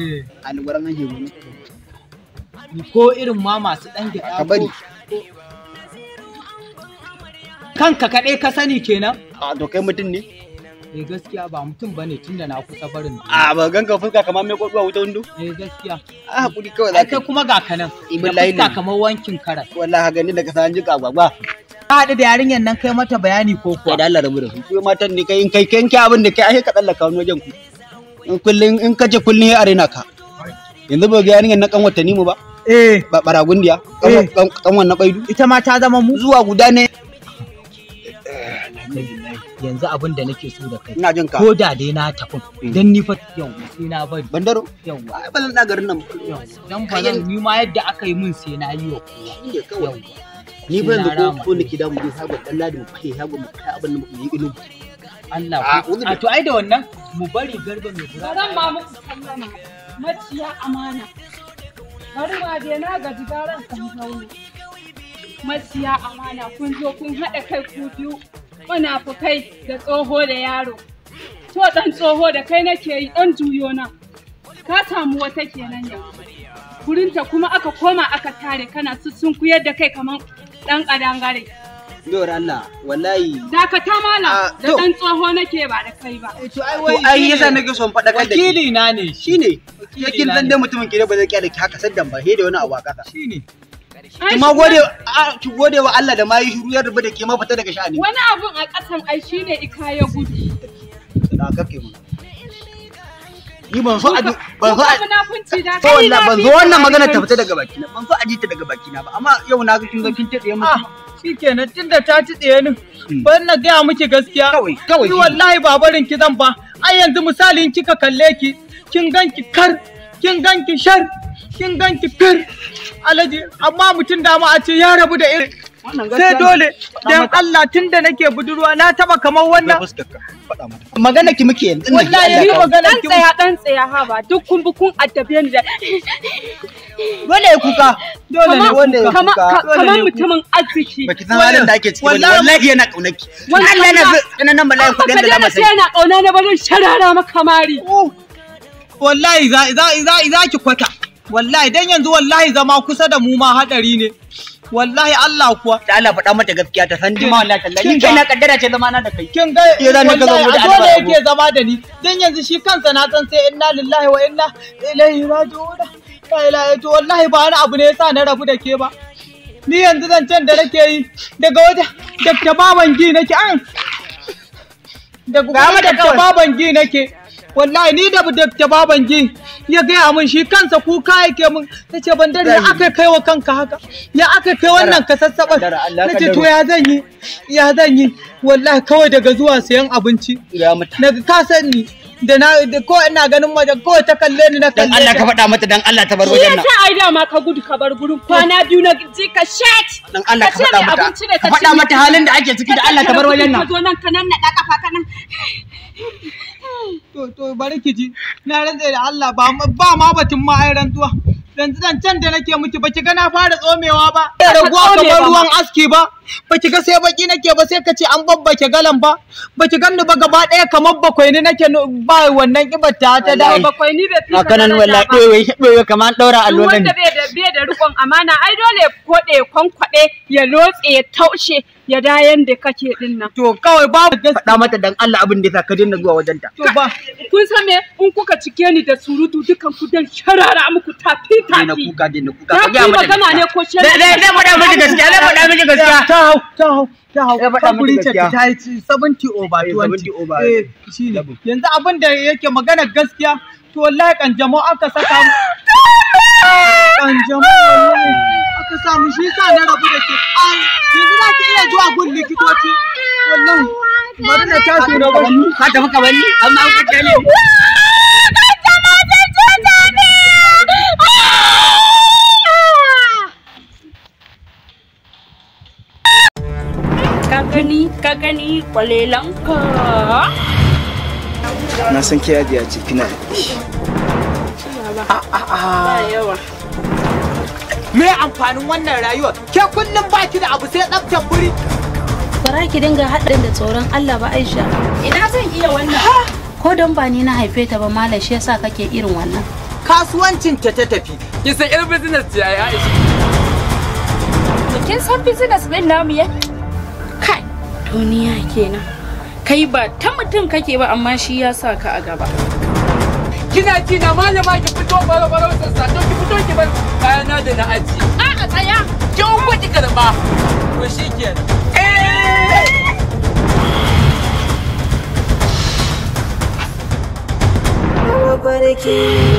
Eh. ko irin ma masu ɗan gyaɗa ka bari kanka kaɗai ka sani kenan a to kai mutum ne eh gaskiya ba mutum bane da na kusa barin a ba ganka fuska kamar mai kwaduwa wuta wando eh gaskiya a hakuri kawai zaka kai kuma ga kanan da fuska kamar wankin karas wallahi gani daga san jika ba? ka haɗu da yarinyar nan kai mata bayani ko kuwa da Allah rabu da su matan ne kai in kai kenke abin da kai ai ka tsallaka wani wajen ku in kullun in kace kullun ya arena ka yanzu ba ga yarinyar na kan watanni mu ba eh ba baragundiya kan eh. wannan baidu ita ma ta zama mu zuwa guda ne yanzu abin da nake so da kai ina jin ka ko da dai na tafi hmm. dan ni fa yau sai na bari bandaro yawa ai balan da garin nan dan fa ni ma yadda aka yi min sai na yi wa kowa ni ba yanzu ko da mu je dan ladin fa mu kai abin yi Allah a ah, ah, to ai da wannan mu bari garba mai gura garan ma muku sallama maciya amana bari ma na gaji garan kan zaune maciya amana kun zo kun haɗa kai ku biyu munafukai da tsoho da yaro to dan tsoho da kai nake yi dan juyo na ka samu wata kenan yau kurinta kuma aka koma aka tare kana sussunkuyar da kai kamar dan kadangare Lord Allah, wallahi. Dakata malam! Ah, da ɗan tsoho nake ba da kai ba. Eh, to ai yasa nake son faɗakar da Wakili na ne. Shi ne. Yakin zan da mutumin ki ba zai kyale ki haka saddan ba, he da wani abu a kaka. Shi ne. Kuma gode ki gode wa Allah da ma yi shiru ya da ke ma fita daga sha'ani. Wani abun a kasan ai shi ne ika ya gudu. Na kake mu. ni ban so aji ban so aji to wallahi ban zo wannan magana ta fita daga baki na ban so aji ta daga baki na ba amma yau na ga kin ga kin tade mu ah. shikenan tunda ta ci tsaye ni hmm. bari na gaya miki gaskiya kawai kawai wallahi ba barin ki zan ba ai yanzu misalin kika kalle ki kin ganki kar kin ganki shar kin ganki fir alaji amma mutum dama a ce ya rabu da iri sai dole dan Allah tunda nake budurwa na taba kamar wannan magana ki muke yanzu wallahi ni magana ki tsaya dan tsaya ha ba duk kun bi kun addabe ni da dole ya kuka dole ne wanda ya kuka kamar mutumin arziki baki san halin da ake ciki wallahi yana kaunaki wallahi yana mallaka ku kudin da zama sai yana kauna na barin sharara maka mari wallahi za za za ki kwata wallahi dan yanzu wallahi zama kusa da mu ma hadari ne wallahi Allah kuwa da Allah faɗa mata gaskiya ta san jima wallahi tallahi kin kai na kaddara ce zama na da kai kin ga ya zan ka zama da Allah dole yake zama da ni dan yanzu shi kansa na san sai inna lillahi wa inna ilaihi raji'un la ilaha to wallahi ba wani abu ne yasa na rabu da ke ba ni yanzu zan zancen da nake yi daga wajen da baban gi nake an daga wajen da baban gi nake wallahi ni da da babangi ya gaya min shi kansa kuka yake min ta ce ban dare aka kai wa kanka haka ya aka kai wannan ka sassaɓa ce to ya zan yi ya zan yi wallahi kawai daga zuwa sayan abinci na ka sani da na ko ina ganin wajen ko ta kalle ni na kalle dan Allah ka faɗa mata dan Allah ta bar wajen nan shi yasa ai da ma ka gudu ka bar gurin kwana biyu na ji ka shet dan Allah ka faɗa mata ka faɗa mata halin da ake ciki da Allah ta bar wajen nan ka zo nan ka nan na kafa ka nan to to bari ki ji na rantsa da Allah ba ma batun ma ai rantsuwa yanzu can da nake miki baki ga na fara tsomewa ba raguwa kamar ruwan aski ba baki ga sai baki nake ba sai ka ce an babbake galan ba baki ganni ba gaba daya kamar bakwai ni nake ba wannan kibar ta ta da bakwai ni bai fi nan wallahi ɗewe kamar daura wanda bai da bai da rikon amana ai dole koɗe kwankwade kwankwaɗe ya lotse ya taushe ya da yanda kake din nan. To kawai babu faɗa mata dan Allah abin da yasa ka dinga zuwa wajen ta. To ba kun san me in kuka cike ni da surutu dukan ku dan sharara muku tafi tafi. na kuka din na kuka ka ga mata. Kana ne ko shi. Dai dai faɗa miki gaskiya dai faɗa miki gaskiya. Ta hau ta hau ta hau faɗa miki gaskiya. Ta yi 70 over 20. Eh, eh shi ne. Yanzu abin da yake magana gaskiya to wallahi kan jama'u aka saka mu. Kan jama'u wallahi aka samu shi sa na rabu da ke. Ah, yanzu za ki iya gun likitoci wallahi bari na tashi da bari ka tafi ka bari amma an kwace ne Kakani, kakani, Na san ke ajiya ce kina da Me amfanin wannan rayuwa? Ke kullum baki da abu sai tsaftar buri. bara ki dinga haɗin da tsoron Allah ba Aisha ina zan iya wannan ko don ba ni na haife ta ba malam shi yasa kake irin wannan kasuwancin ta ta tafi ki san irin business ce ai Aisha kin san business din namu ya kai duniya kenan kai ba ta mutum kake ba amma shi ya sa ka a gaba kina kina malama ki fito baro baro to ki fito ki bar kayana da na aji a a tsaya kin gwaji karba to shikenan Mafarki.